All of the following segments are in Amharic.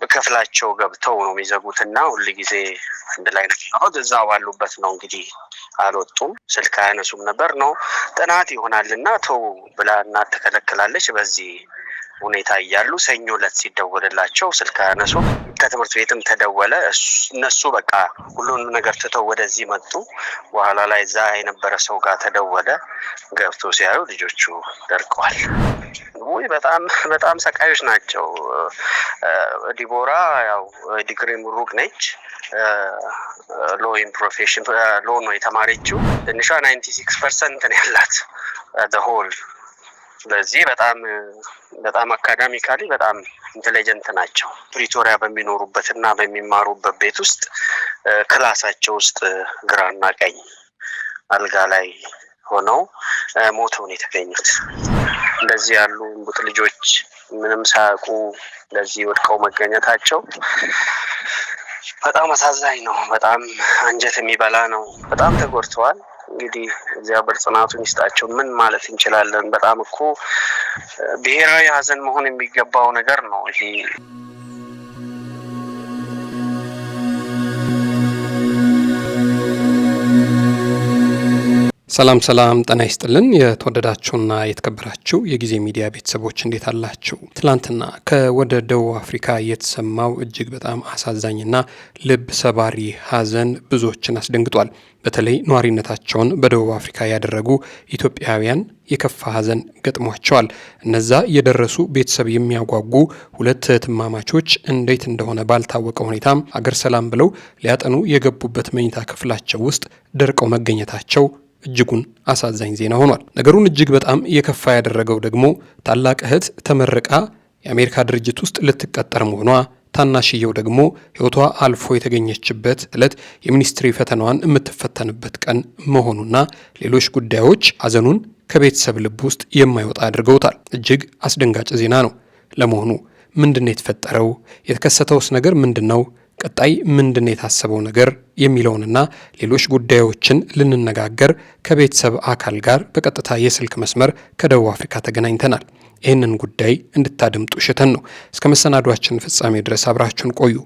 በከፍላቸው ገብተው ነው የሚዘጉት እና ጊዜ አንድ ላይ ነው። እዛ ባሉበት ነው እንግዲህ አልወጡም። ስልክ አያነሱም ነበር ነው ጥናት ይሆናል እና ተው ብላ እና ትከለክላለች በዚህ ሁኔታ እያሉ ሰኞ ዕለት ሲደወልላቸው ስልክ አያነሱም። ከትምህርት ቤትም ተደወለ። እነሱ በቃ ሁሉን ነገር ትተው ወደዚህ መጡ። በኋላ ላይ እዛ የነበረ ሰው ጋር ተደወለ። ገብቶ ሲያዩ ልጆቹ ደርቀዋል። ውይ በጣም በጣም ሰቃዮች ናቸው። ዲቦራ ያው ዲግሪ ምሩቅ ነች። ሎ ኢን ፕሮፌሽን ሎ ነው የተማረችው። ትንሿ ናይንቲ ሲክስ ፐርሰንት ነው ያላት ሆል ስለዚህ በጣም በጣም አካዳሚካሊ በጣም ኢንቴሊጀንት ናቸው። ፕሪቶሪያ በሚኖሩበት እና በሚማሩበት ቤት ውስጥ ክላሳቸው ውስጥ ግራና ቀኝ አልጋ ላይ ሆነው ሞተው ነው የተገኙት። እንደዚህ ያሉ እምቡጥ ልጆች ምንም ሳያውቁ እንደዚህ ወድቀው መገኘታቸው በጣም አሳዛኝ ነው። በጣም አንጀት የሚበላ ነው። በጣም ተጎድተዋል። እንግዲህ እግዚአብሔር ጽናቱን ይስጣቸው። ምን ማለት እንችላለን? በጣም እኮ ብሔራዊ ሀዘን መሆን የሚገባው ነገር ነው ይሄ። ሰላም ሰላም ጤና ይስጥልን። የተወደዳችሁና የተከበራችሁ የጊዜ ሚዲያ ቤተሰቦች እንዴት አላችሁ? ትላንትና ከወደ ደቡብ አፍሪካ የተሰማው እጅግ በጣም አሳዛኝና ልብ ሰባሪ ሀዘን ብዙዎችን አስደንግጧል። በተለይ ነዋሪነታቸውን በደቡብ አፍሪካ ያደረጉ ኢትዮጵያውያን የከፋ ሀዘን ገጥሟቸዋል። እነዛ የደረሱ ቤተሰብ የሚያጓጉ ሁለት እህትማማቾች እንዴት እንደሆነ ባልታወቀ ሁኔታ አገር ሰላም ብለው ሊያጠኑ የገቡበት መኝታ ክፍላቸው ውስጥ ደርቀው መገኘታቸው እጅጉን አሳዛኝ ዜና ሆኗል። ነገሩን እጅግ በጣም የከፋ ያደረገው ደግሞ ታላቅ እህት ተመርቃ የአሜሪካ ድርጅት ውስጥ ልትቀጠር መሆኗ ታናሽየው ደግሞ ሕይወቷ አልፎ የተገኘችበት ዕለት የሚኒስትሪ ፈተናዋን የምትፈተንበት ቀን መሆኑና ሌሎች ጉዳዮች ሐዘኑን ከቤተሰብ ልብ ውስጥ የማይወጣ አድርገውታል። እጅግ አስደንጋጭ ዜና ነው። ለመሆኑ ምንድን ነው የተፈጠረው? የተከሰተውስ ነገር ምንድን ነው? ቀጣይ ምንድን የታሰበው ነገር የሚለውንና ሌሎች ጉዳዮችን ልንነጋገር ከቤተሰብ አካል ጋር በቀጥታ የስልክ መስመር ከደቡብ አፍሪካ ተገናኝተናል። ይህንን ጉዳይ እንድታደምጡ ሽተን ነው። እስከ መሰናዷችን ፍጻሜ ድረስ አብራችሁን ቆዩ።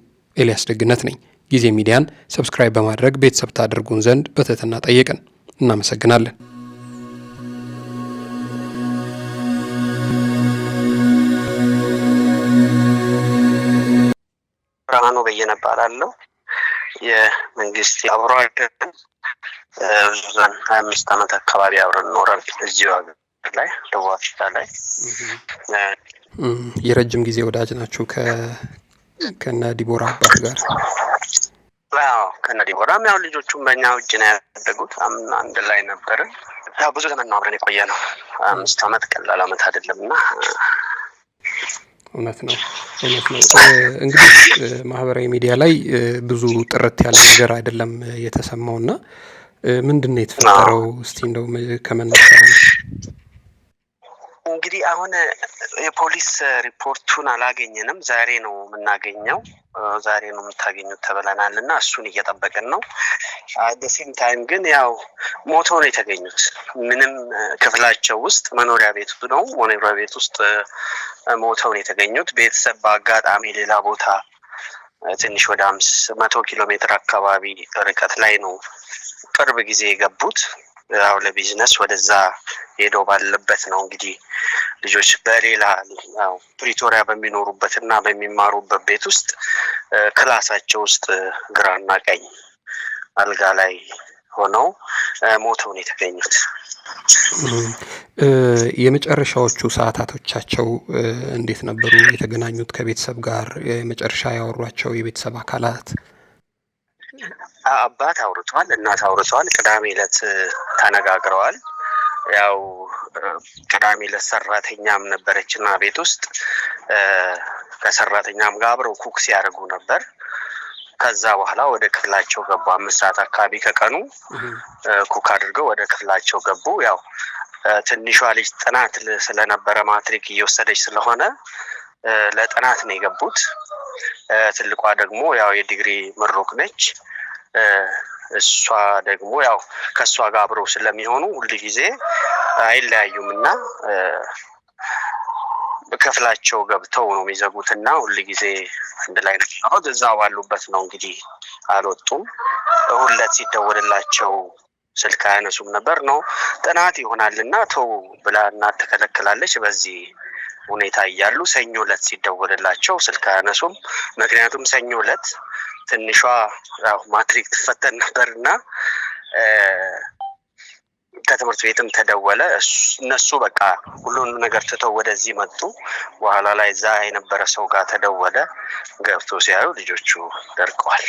ኤልያስ ደግነት ነኝ። ጊዜ ሚዲያን ሰብስክራይብ በማድረግ ቤተሰብ ታደርጉን ዘንድ በትህትና ጠየቅን። እናመሰግናለን። ብርሃኑ በየነ እባላለሁ። የመንግስት አብሮ ብዙ ዘን ሀያ አምስት ዓመት አካባቢ አብረን ኖረን እዚሁ ሀገር ላይ ደቡብ አፍሪካ ላይ የረጅም ጊዜ ወዳጅ ናችሁ ከነ ዲቦራ አባት ጋር? ው ከነ ዲቦራም ያው ልጆቹም በእኛ እጅ ነው ያደጉት። አንድ ላይ ነበርን። ያው ብዙ ዘመን ነው አብረን የቆየ ነው። አምስት ዓመት ቀላል ዓመት አይደለም እና እውነት ነው፣ እውነት ነው። እንግዲህ ማህበራዊ ሚዲያ ላይ ብዙ ጥርት ያለ ነገር አይደለም እና ምንድን ነው የተፈጠረው? እስቲ እንደው ከመነሳ እንግዲህ አሁን የፖሊስ ሪፖርቱን አላገኘንም። ዛሬ ነው የምናገኘው፣ ዛሬ ነው የምታገኙት ተብለናል እና እሱን እየጠበቅን ነው። አደሴም ታይም ግን ያው ሞቶ ነው የተገኙት። ምንም ክፍላቸው ውስጥ መኖሪያ ቤቱ ነው መኖሪያ ቤት ውስጥ ሞተው ነው የተገኙት። ቤተሰብ በአጋጣሚ ሌላ ቦታ ትንሽ ወደ አምስት መቶ ኪሎ ሜትር አካባቢ ርቀት ላይ ነው ቅርብ ጊዜ የገቡት ያው ለቢዝነስ ወደዛ ሄዶ ባለበት ነው እንግዲህ ልጆች በሌላ ፕሪቶሪያ በሚኖሩበት እና በሚማሩበት ቤት ውስጥ ክላሳቸው ውስጥ ግራና ቀኝ አልጋ ላይ ሆነው ሞተው ነው የተገኙት። የመጨረሻዎቹ ሰዓታቶቻቸው እንዴት ነበሩ? የተገናኙት ከቤተሰብ ጋር የመጨረሻ ያወሯቸው የቤተሰብ አካላት አባት አውርቷል፣ እናት አውርቷል። ቅዳሜ ዕለት ተነጋግረዋል። ያው ቅዳሜ ዕለት ሰራተኛም ነበረችና ቤት ውስጥ ከሰራተኛም ጋር አብረው ኩክ ሲያደርጉ ነበር። ከዛ በኋላ ወደ ክፍላቸው ገቡ። አምስት ሰዓት አካባቢ ከቀኑ ኩክ አድርገው ወደ ክፍላቸው ገቡ። ያው ትንሿ ልጅ ጥናት ስለነበረ ማትሪክ እየወሰደች ስለሆነ ለጥናት ነው የገቡት። ትልቋ ደግሞ ያው የዲግሪ ምሩቅ ነች። እሷ ደግሞ ያው ከእሷ ጋር አብረው ስለሚሆኑ ሁል ጊዜ አይለያዩም እና ክፍላቸው ገብተው ነው የሚዘጉት እና ሁል ጊዜ አንድ ላይ ነው እዛ ባሉበት ነው እንግዲህ አልወጡም። ሁለት ሲደወልላቸው ስልክ አያነሱም ነበር ነው ጥናት ይሆናል እና ተው ብላ እናት ተከለክላለች በዚህ ሁኔታ እያሉ ሰኞ ዕለት ሲደወልላቸው ስልክ አያነሱም። ምክንያቱም ሰኞ ዕለት ትንሿ ማትሪክ ትፈተን ነበር እና ከትምህርት ቤትም ተደወለ። እነሱ በቃ ሁሉን ነገር ትተው ወደዚህ መጡ። በኋላ ላይ እዛ የነበረ ሰው ጋር ተደወለ። ገብቶ ሲያዩ ልጆቹ ደርቀዋል።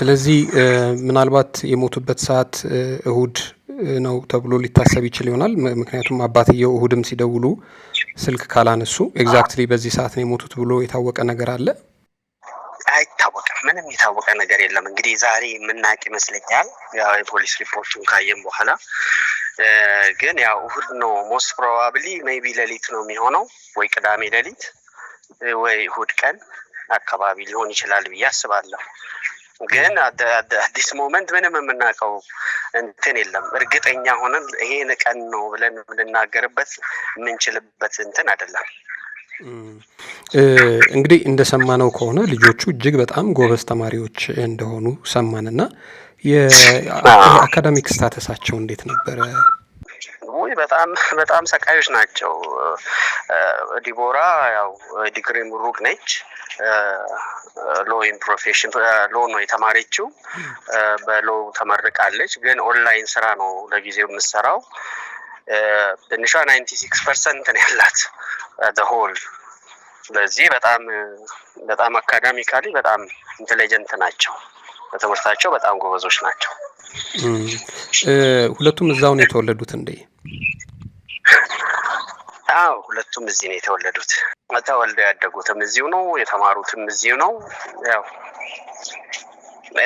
ስለዚህ ምናልባት የሞቱበት ሰዓት እሁድ ነው ተብሎ ሊታሰብ ይችል ይሆናል። ምክንያቱም አባትየው እሁድም ሲደውሉ ስልክ ካላነሱ ኤግዛክትሊ በዚህ ሰዓት ነው የሞቱት ብሎ የታወቀ ነገር አለ? አይታወቅም። ምንም የታወቀ ነገር የለም። እንግዲህ ዛሬ የምናውቅ ይመስለኛል፣ ያው የፖሊስ ሪፖርቱን ካየን በኋላ ግን ያው እሁድ ነው ሞስት ፕሮባብሊ ሜይቢ ሌሊት ነው የሚሆነው ወይ ቅዳሜ ሌሊት ወይ እሁድ ቀን አካባቢ ሊሆን ይችላል ብዬ አስባለሁ። ግን አዲስ ሞመንት ምንም የምናውቀው እንትን የለም። እርግጠኛ ሆነን ይሄን ቀን ነው ብለን የምንናገርበት የምንችልበት እንትን አይደለም። እንግዲህ እንደሰማነው ከሆነ ልጆቹ እጅግ በጣም ጎበዝ ተማሪዎች እንደሆኑ ሰማንና የአካዳሚክ ስታተሳቸው እንዴት ነበረ? ሰዎች በጣም በጣም ሰቃዮች ናቸው። ዲቦራ ያው ዲግሪ ምሩቅ ነች። ሎይን ፕሮፌሽን ሎ ነው የተማረችው። በሎ ተመርቃለች። ግን ኦንላይን ስራ ነው ለጊዜው የምትሰራው። ትንሿ ናይንቲ ሲክስ ፐርሰንት ነው ያላት ሆል በዚህ በጣም በጣም አካዳሚካሊ በጣም ኢንቴሊጀንት ናቸው። በትምህርታቸው በጣም ጎበዞች ናቸው። ሁለቱም እዛው ነው የተወለዱት እንዴ? አዎ ሁለቱም እዚህ ነው የተወለዱት። ተወልደው ያደጉትም እዚሁ ነው፣ የተማሩትም እዚሁ ነው። ያው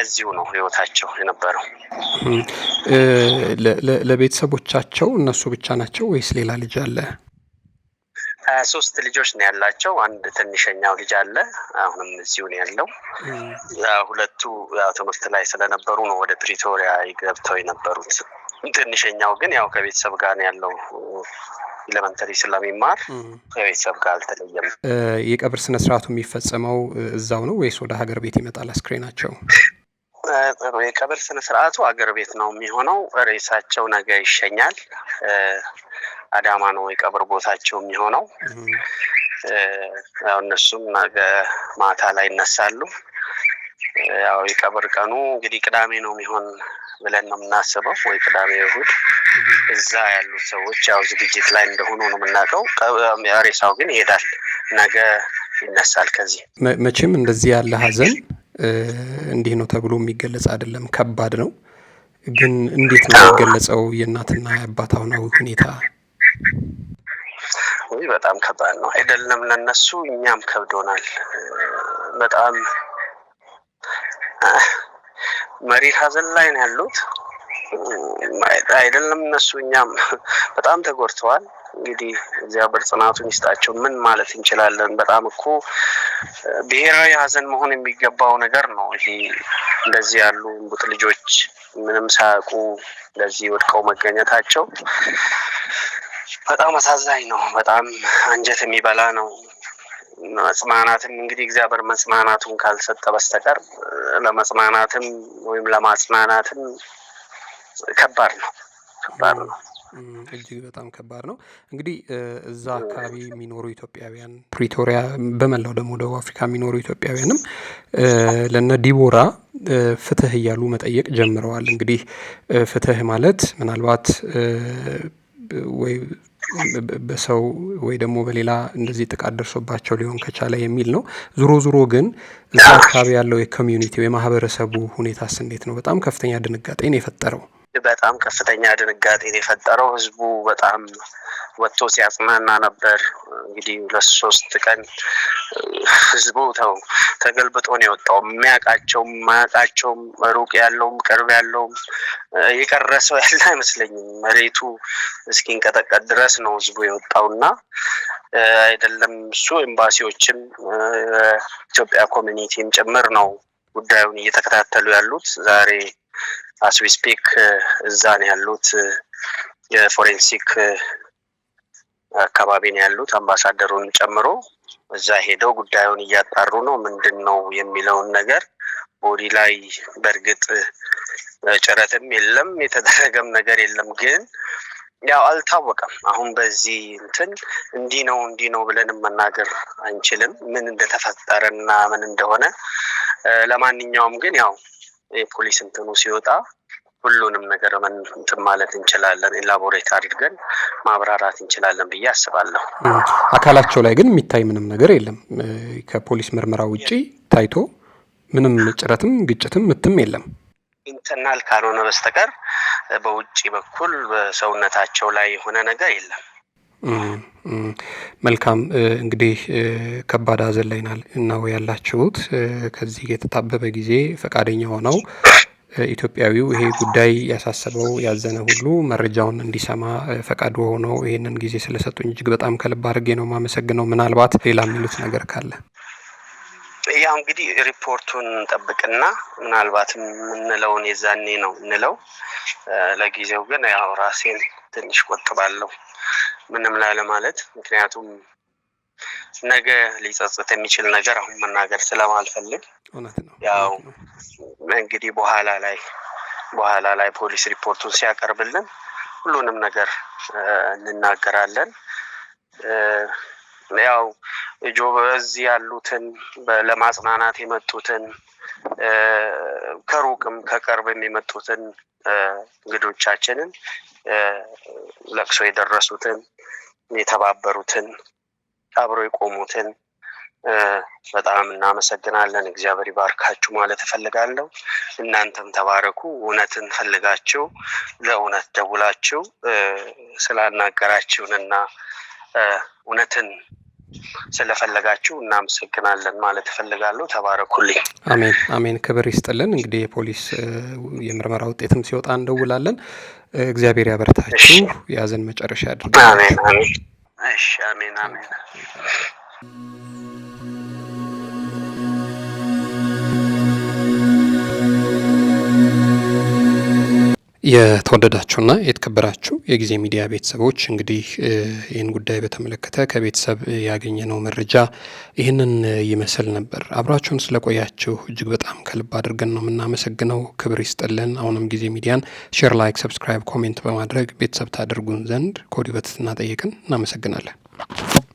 እዚሁ ነው ህይወታቸው የነበረው። ለቤተሰቦቻቸው እነሱ ብቻ ናቸው ወይስ ሌላ ልጅ አለ? ሶስት ልጆች ነው ያላቸው። አንድ ትንሸኛው ልጅ አለ፣ አሁንም እዚሁ ነው ያለው። ሁለቱ ትምህርት ላይ ስለነበሩ ነው ወደ ፕሪቶሪያ ገብተው የነበሩት። ትንሸኛው ግን ያው ከቤተሰብ ጋር ነው ያለው። ኢለመንተሪ ስለሚማር ከቤተሰብ ጋር አልተለየም። የቀብር ስነ ስርዓቱ የሚፈጸመው እዛው ነው ወይስ ወደ ሀገር ቤት ይመጣል አስክሬናቸው? የቀብር ስነ ስርዓቱ ሀገር ቤት ነው የሚሆነው። ሬሳቸው ነገ ይሸኛል። አዳማ ነው የቀብር ቦታቸው የሚሆነው። ያው እነሱም ነገ ማታ ላይ ይነሳሉ። ያው የቀብር ቀኑ እንግዲህ ቅዳሜ ነው የሚሆን ብለን ነው የምናስበው፣ ወይ ቅዳሜ ይሁድ እዛ ያሉት ሰዎች ያው ዝግጅት ላይ እንደሆኑ ነው የምናውቀው። ሬሳው ግን ይሄዳል፣ ነገ ይነሳል። ከዚህ መቼም እንደዚህ ያለ ሀዘን እንዲህ ነው ተብሎ የሚገለጽ አይደለም፣ ከባድ ነው። ግን እንዴት ነው የሚገለጸው የእናትና የአባት አሁናዊ ሁኔታ? ወይ በጣም ከባድ ነው አይደለም ለነሱ፣ እኛም ከብዶናል በጣም መሪ ሀዘን ላይ ነው ያሉት። አይደለም እነሱ እኛም በጣም ተጎድተዋል። እንግዲህ እግዚአብሔር ጽናቱን ይስጣቸው። ምን ማለት እንችላለን? በጣም እኮ ብሔራዊ ሀዘን መሆን የሚገባው ነገር ነው። ይሄ እንደዚህ ያሉ እምቡጥ ልጆች ምንም ሳያውቁ እንደዚህ ወድቀው መገኘታቸው በጣም አሳዛኝ ነው። በጣም አንጀት የሚበላ ነው። መጽናናትም እንግዲህ እግዚአብሔር መጽናናቱን ካልሰጠ በስተቀር ለመጽናናትም ወይም ለማጽናናትም ከባድ ነው ከባድ ነው። እጅግ በጣም ከባድ ነው። እንግዲህ እዛ አካባቢ የሚኖሩ ኢትዮጵያውያን ፕሪቶሪያ፣ በመላው ደግሞ ደቡብ አፍሪካ የሚኖሩ ኢትዮጵያውያንም ለነ ዲቦራ ፍትህ እያሉ መጠየቅ ጀምረዋል። እንግዲህ ፍትህ ማለት ምናልባት ወይ በሰው ወይ ደግሞ በሌላ እንደዚህ ጥቃት ደርሶባቸው ሊሆን ከቻለ የሚል ነው። ዞሮ ዞሮ ግን እዛ አካባቢ ያለው የኮሚዩኒቲ የማህበረሰቡ ሁኔታስ እንዴት ነው? በጣም ከፍተኛ ድንጋጤን የፈጠረው በጣም ከፍተኛ ድንጋጤን የፈጠረው ህዝቡ በጣም ወጥቶ ሲያጽናና ነበር። እንግዲህ ሁለት ሶስት ቀን ህዝቡ ተው ተገልብጦ ነው የወጣው። የሚያውቃቸውም ማያውቃቸውም ሩቅ ያለውም ቅርብ ያለውም የቀረ ሰው ያለ አይመስለኝም። መሬቱ እስኪንቀጠቀጥ ድረስ ነው ህዝቡ የወጣው እና አይደለም እሱ ኤምባሲዎችም ኢትዮጵያ ኮሚኒቲም ጭምር ነው ጉዳዩን እየተከታተሉ ያሉት ዛሬ አስዊስፒክ uh, እዛ ነው ያሉት። uh, የፎሬንሲክ uh, አካባቢ ነው ያሉት አምባሳደሩን ጨምሮ እዛ ሄደው ጉዳዩን እያጣሩ ነው። ምንድን ነው የሚለውን ነገር ቦዲ ላይ በእርግጥ ጭረትም የለም የተደረገም ነገር የለም ግን ያው አልታወቀም። አሁን በዚህ እንትን እንዲህ ነው እንዲህ ነው ብለንም መናገር አንችልም፣ ምን እንደተፈጠረ እና ምን እንደሆነ። ለማንኛውም ግን ያው የፖሊስ እንትኑ ሲወጣ ሁሉንም ነገር እንትን ማለት እንችላለን፣ ኤላቦሬት አድርገን ማብራራት እንችላለን ብዬ አስባለሁ። አካላቸው ላይ ግን የሚታይ ምንም ነገር የለም ከፖሊስ ምርመራ ውጪ ታይቶ ምንም ጭረትም ግጭትም ምትም የለም። ኢንተርናል ካልሆነ በስተቀር በውጭ በኩል በሰውነታቸው ላይ የሆነ ነገር የለም። መልካም እንግዲህ ከባድ ሐዘን ላይ ነው ያላችሁት። ከዚህ የተጣበበ ጊዜ ፈቃደኛ ሆነው ኢትዮጵያዊው ይሄ ጉዳይ ያሳሰበው ያዘነ ሁሉ መረጃውን እንዲሰማ ፈቃዱ ሆነው ይህንን ጊዜ ስለሰጡኝ እጅግ በጣም ከልብ አድርጌ ነው የማመሰግነው። ምናልባት ሌላ የሚሉት ነገር ካለ ያው እንግዲህ ሪፖርቱን እንጠብቅና ምናልባት የምንለውን የዛኔ ነው እንለው። ለጊዜው ግን ያው ራሴን ትንሽ ቆጥባለሁ። ምንም ማለት ምክንያቱም ነገ ሊጸጽት የሚችል ነገር አሁን መናገር ስለማልፈልግ ያው እንግዲህ በኋላ ላይ በኋላ ላይ ፖሊስ ሪፖርቱን ሲያቀርብልን ሁሉንም ነገር እንናገራለን። ያው እጆ በዚህ ያሉትን ለማጽናናት የመጡትን ከሩቅም ከቅርብም የመጡትን እንግዶቻችንን ለቅሶ የደረሱትን፣ የተባበሩትን፣ አብረው የቆሙትን በጣም እናመሰግናለን። እግዚአብሔር ይባርካችሁ ማለት እፈልጋለሁ። እናንተም ተባረኩ። እውነትን ፈልጋችሁ ለእውነት ደውላችሁ ስላናገራችሁንና እውነትን ስለፈለጋችሁ እናመሰግናለን ማለት እፈልጋለሁ። ተባረኩልኝ። አሜን አሜን። ክብር ይስጥልን። እንግዲህ የፖሊስ የምርመራ ውጤትም ሲወጣ እንደውላለን። እግዚአብሔር ያበርታችሁ፣ የሀዘን መጨረሻ ያድርግ። አሜን አሜን። እሺ አሜን አሜን። የተወደዳችሁና የተከበራችሁ የጊዜ ሚዲያ ቤተሰቦች እንግዲህ ይህን ጉዳይ በተመለከተ ከቤተሰብ ያገኘነው መረጃ ይህንን ይመስል ነበር። አብራችሁን ስለቆያችሁ እጅግ በጣም ከልብ አድርገን ነው የምናመሰግነው። ክብር ይስጥልን። አሁንም ጊዜ ሚዲያን ሼር፣ ላይክ፣ ሰብስክራይብ፣ ኮሜንት በማድረግ ቤተሰብ ታደርጉን ዘንድ ኮዲ በትህትና ጠየቅን። እናመሰግናለን።